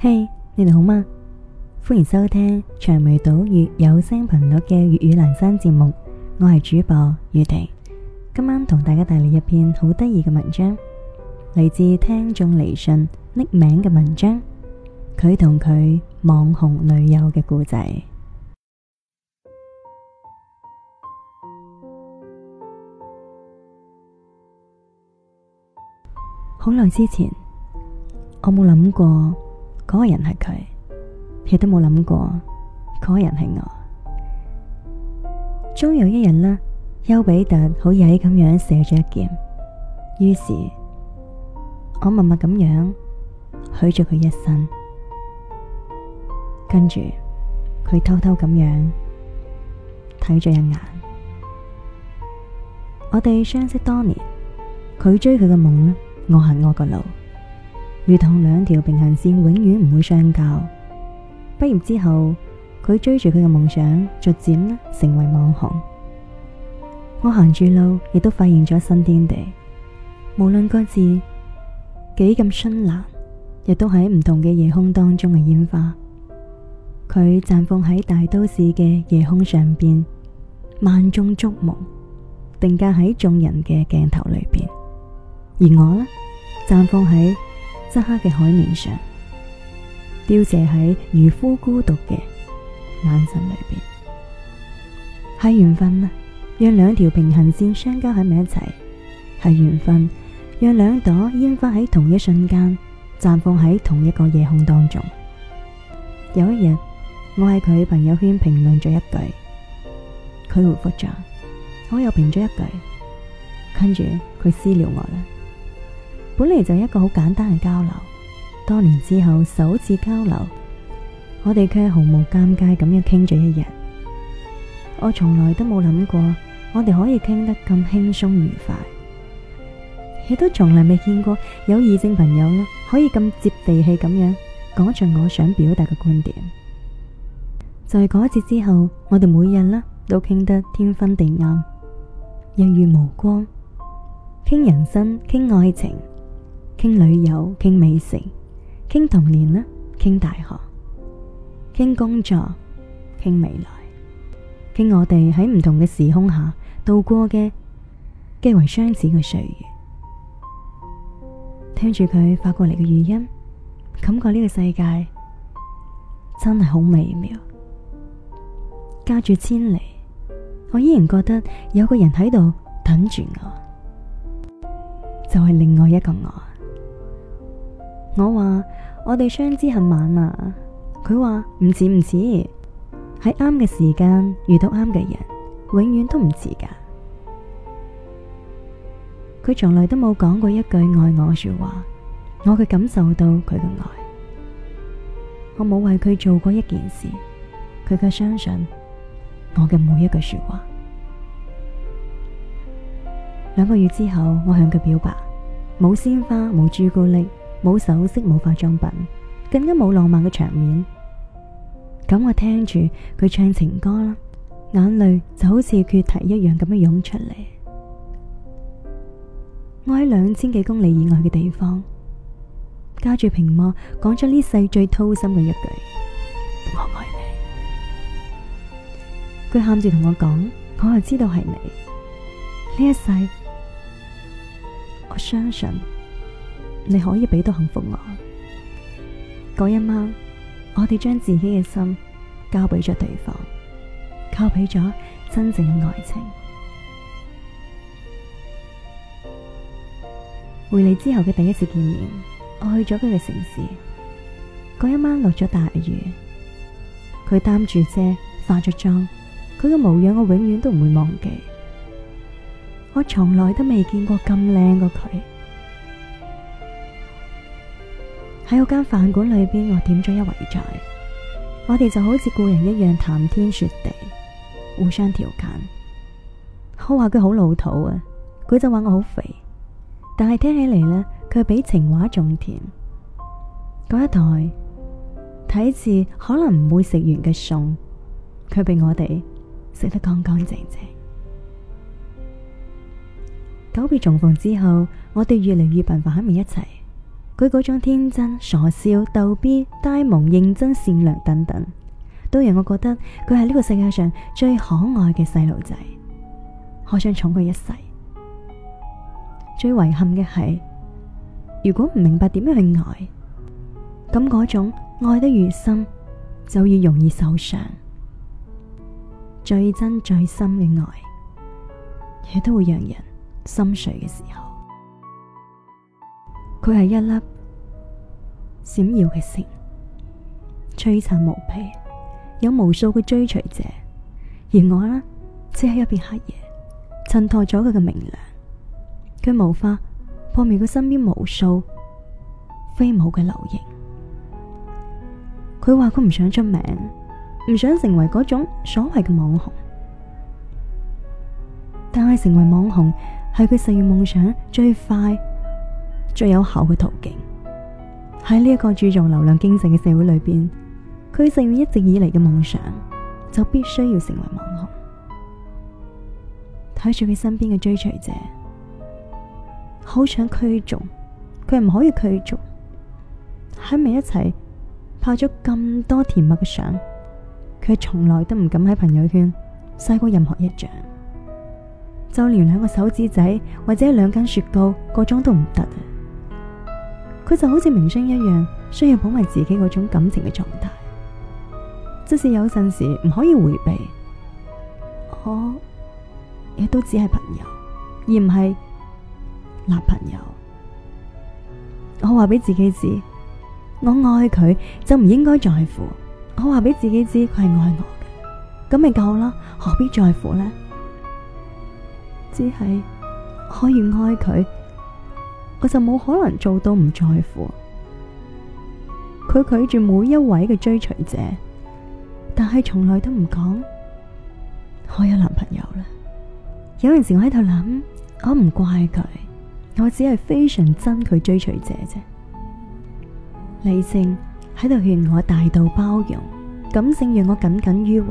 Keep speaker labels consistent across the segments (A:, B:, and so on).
A: 嘿，hey，你哋好嗎？歡迎收聽《長眉島月》有聲頻率嘅粵語南山節目，我係主播雨婷。今晚同大家帶嚟一篇好得意嘅文章，嚟自聽眾嚟信匿名嘅文章，佢同佢網紅女友嘅故仔。好耐之前，我冇諗過。嗰個人係佢，亦都冇諗過嗰、那個人係我。終有一日呢，丘比特好曳咁樣射咗一箭，於是我默默咁樣許咗佢一生，跟住佢偷偷咁樣睇咗一眼。我哋相識多年，佢追佢嘅夢，我行我嘅路。如同兩條平行線永遠唔會相交。畢業之後，佢追住佢嘅夢想，逐漸成為網紅。我行住路亦都發現咗新天地，無論各自幾咁絢爛，亦都喺唔同嘅夜空當中嘅煙花。佢綻放喺大都市嘅夜空上邊，萬眾矚目，定格喺眾人嘅鏡頭裏邊。而我呢，綻放喺。漆黑嘅海面上，凋謝喺漁夫孤獨嘅眼神裏邊，係緣分啦。讓兩條平行線相交喺埋一齊，係緣分。讓兩朵煙花喺同一瞬間綻放喺同一個夜空當中。有一日，我喺佢朋友圈評論咗一句，佢回覆咗，我又評咗一句，跟住佢私聊我啦。本嚟就一個好簡單嘅交流，多年之後首次交流，我哋卻毫無尷尬咁樣傾咗一日。我從來都冇諗過，我哋可以傾得咁輕鬆愉快，亦都從來未見過有異性朋友啦，可以咁接地氣咁樣講盡我想表達嘅觀點。就係嗰次之後，我哋每日啦都傾得天昏地暗，日月無光，傾人生，傾愛情。傾旅遊，傾美食，傾童年啦，傾大學，傾工作，傾未來，傾我哋喺唔同嘅時空下度過嘅極為相似嘅歲月。聽住佢發過嚟嘅語音，感覺呢個世界真係好美妙。隔住千里，我依然覺得有個人喺度等住我，就係另外一個我。我話我哋相知恨晚啊，佢話唔遲唔遲，喺啱嘅時間遇到啱嘅人，永遠都唔遲㗎。佢從來都冇講過一句愛我嘅說話，我卻感受到佢嘅愛。我冇為佢做過一件事，佢卻相信我嘅每一句說話。兩個月之後，我向佢表白，冇鮮花，冇朱古力。冇首飾，冇化妝品，更加冇浪漫嘅場面。咁我聽住佢唱情歌啦，眼淚就好似決堤一樣咁樣湧出嚟。我喺兩千幾公里以外嘅地方，隔住屏幕，講咗呢世最掏心嘅一句：我愛你。佢喊住同我講，我又知道係你呢一世，我相信。你可以俾到幸福我。嗰一晚，我哋將自己嘅心交俾咗對方，交俾咗真正嘅愛情。回嚟之後嘅第一次見面，我去咗佢嘅城市。嗰一晚落咗大雨，佢擔住遮，化咗妝，佢嘅模樣我永遠都唔會忘記。我從來都未見過咁靚嘅佢。喺嗰間飯館裏邊，我點咗一圍菜，我哋就好似故人一樣談天說地，互相調侃。我話佢好老土啊，佢就話我好肥，但係聽起嚟呢，佢比情話仲甜。嗰一枱睇似可能唔會食完嘅餸，佢被我哋食得乾乾淨淨。久別重逢之後，我哋越嚟越頻繁喺埋一齊。佢嗰種天真、傻笑、逗比、呆萌、認真、善良等等，都讓我覺得佢係呢個世界上最可愛嘅細路仔，我想寵佢一世。最遺憾嘅係，如果唔明白點樣去愛，咁嗰種愛得越深，就越容易受傷。最真最深嘅愛，亦都會讓人心碎嘅時候。佢係一粒閃耀嘅星，璀璨無比，有無數嘅追隨者。而我呢，只係一片黑夜，襯托咗佢嘅明亮。佢無法破滅佢身邊無數飛舞嘅流螢。佢話佢唔想出名，唔想成為嗰種所謂嘅網紅，但係成為網紅係佢實現夢想最快。最有效嘅途徑。喺呢一個注重流量經濟嘅社會裏邊，佢實現一直以嚟嘅夢想，就必須要成為網紅。睇住佢身邊嘅追隨者，好想驅逐，佢唔可以驅逐。喺埋一齊拍咗咁多甜蜜嘅相，佢從來都唔敢喺朋友圈晒過任何一張，就連兩個手指仔或者兩根雪糕個種都唔得啊！佢就好似明星一樣，需要保密自己嗰種感情嘅狀態。即使有陣時唔可以回避，我亦都只係朋友，而唔係男朋友。我話俾自己知，我愛佢就唔應該在乎。我話俾自己知，佢係愛我嘅，咁咪夠啦，何必在乎呢？只係可以愛佢。我就冇可能做到唔在乎，佢拒絕每一位嘅追隨者，但係從來都唔講我有男朋友啦。有陣時我喺度諗，我唔怪佢，我只係非常憎佢追隨者啫。理性喺度勸我大度包容，感性讓我耿耿於懷。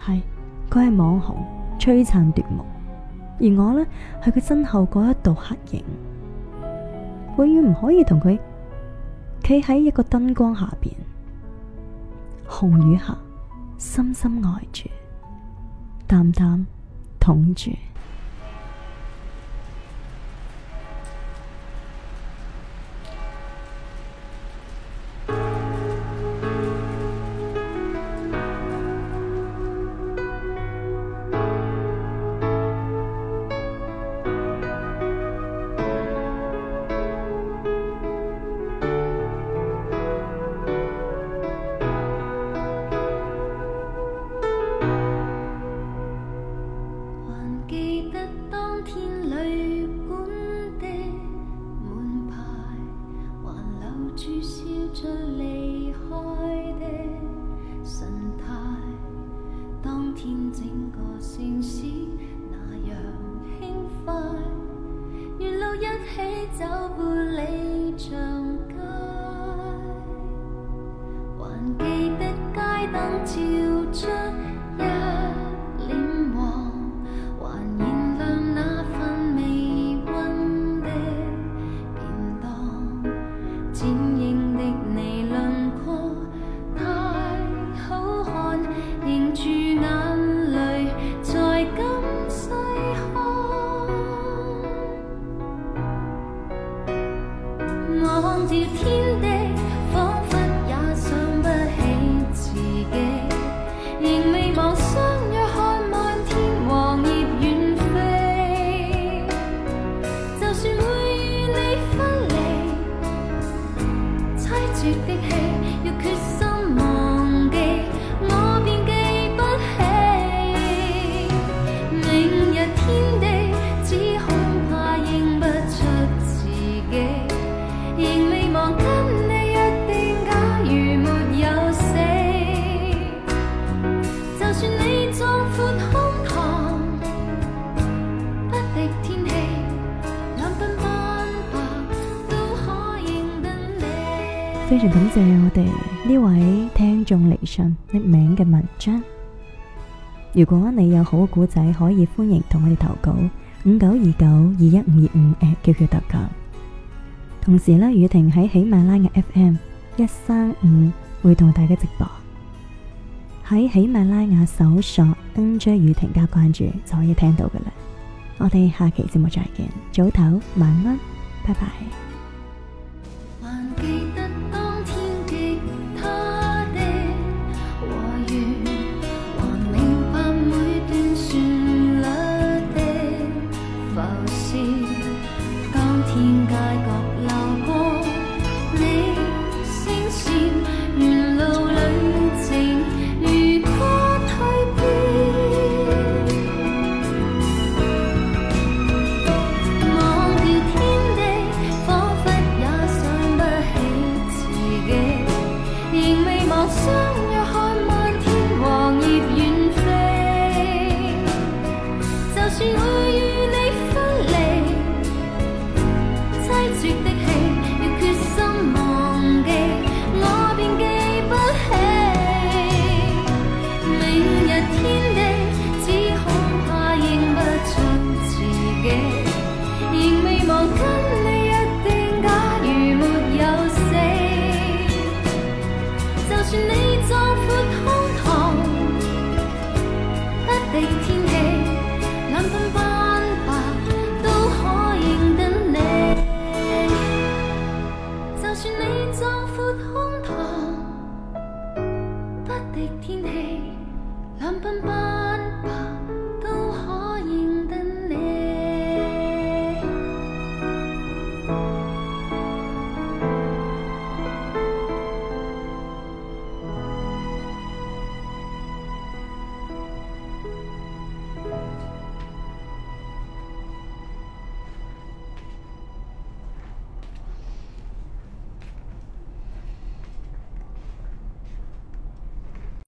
A: 係，佢係網紅，璀璨奪目。而我呢，係佢身後嗰一道黑影，永遠唔可以同佢企喺一個燈光下邊，紅與黑，深深愛住，淡淡痛住。
B: 走半里長街，還記得街燈照出。
A: 非常感謝我哋呢位聽眾嚟信，匿名嘅文章。如果你有好嘅故仔，可以歡迎同我哋投稿五九二九二一五二五 @，QQ 投稿。同時咧，雨婷喺喜馬拉雅 FM 一三五會同大家直播。喺喜馬拉雅搜索 NJ 雨婷加關注就可以聽到噶啦。我哋下期節目再見，早唞，晚安，拜拜。